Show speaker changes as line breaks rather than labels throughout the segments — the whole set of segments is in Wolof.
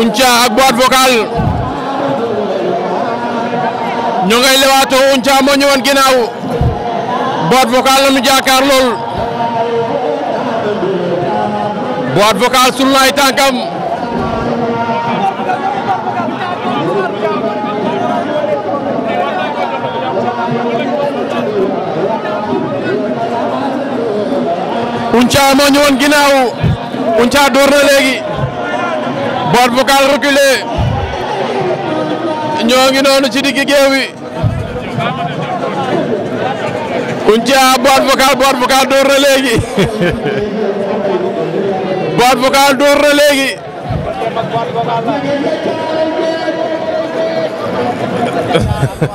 Unca ak boîte vocale ñu ngay lewaato Unca moo ñëwoon ginnaaw boîte vocale la ñu jaakaar lool boîte vocale sul naay tànkam Ounthia moo ñëwoon ginnaaw Ounthia door na léegi Boy Vocal reculé ñoo ngi noonu ci digg géew wi Ounthia Boy Vocal Boy Vocal door na léegi Boy Vocal door na léegi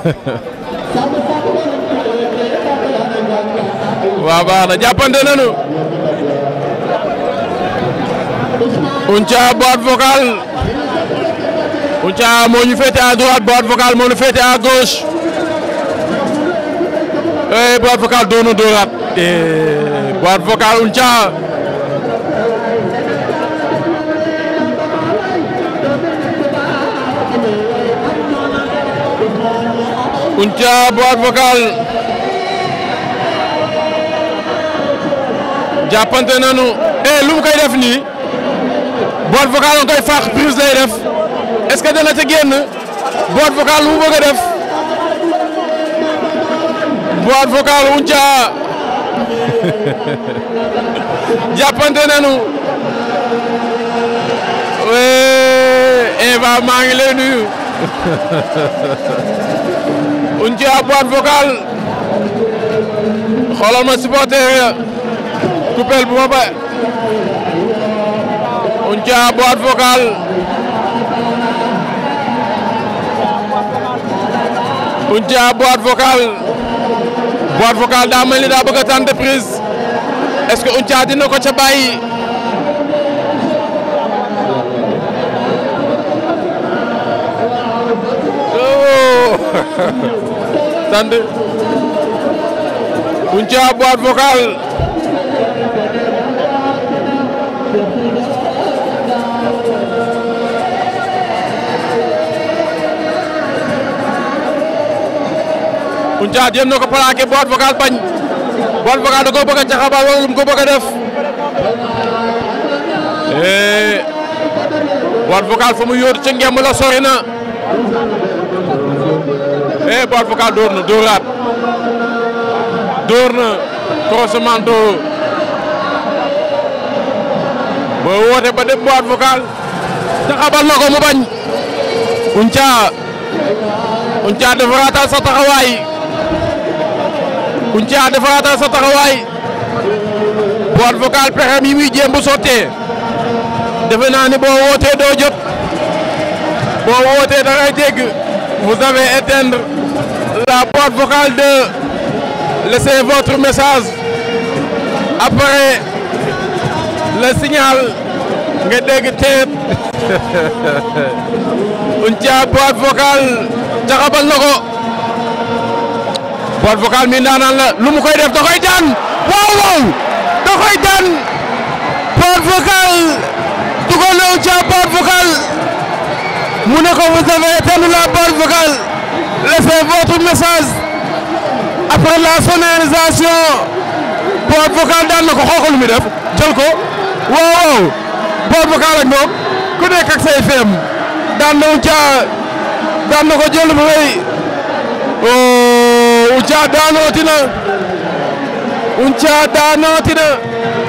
waaw baax na jàppante Ounthia boîte vocale Ounthia moo ñu féete à droite boîte vocale moo ñu féete à gauche eh boîte vocale doonu dooraat eh, boîte vocale Ounthia Ounthia boîte vocale jàppante nañu eh lu mu koy def boîte vocale nga koy fàq prise lay def est-ce que dana ca génn boîte vocale lu mu bëgg a def boîte vocale wuñ ca jàppante nañu Eva maa ngi lay nuyu wuñ ca boîte vocale xoolal ma supporter coupelle bu Kouthia boîte vocale Kouthia boîte vocale daa mel ni daa bëgg a tenter prise est que Kouthia dina ko ca bàyyi oh! sant Kouthia boîte vocale Dia jéem na ko plaqué boîte vocale bañ boîte vocale da koo bëgg a ko bëgg a def eh, boîte vocale fa mu yóor ca ngemb la sori na eh boîte vocale dooraat door na croisement ba woote ba dem boîte vocale caxabal na ko mu bañ. Ounthia Ounthia dafa raatal sa Boun Thiat defaraatal sa taxawaay boîte vocale pexem yi muy jéem bu sottee defe naa ni boo wootee doo jot boo wootee da ngay vous avez éteindre la boîte vocale de laissez votre message après le signal nga dégg teet Boun Thiat boîte vocale jaxabal na ko. Boy Vocal mi ndaanaan la lu mu koy def da koy daan waaw waaw da Vocal dugal na ca Boy Vocal mu ne ko vous avez éteint la Boy Vocal laissez votre message après la sonorisation Boy Vocal daan na ko xoox def jël ko waaw waaw Vocal ak moom ku nekk ak say feem daan na ca daan na ko jël bu rëy. Oh. Uja daanootina Uja daanootina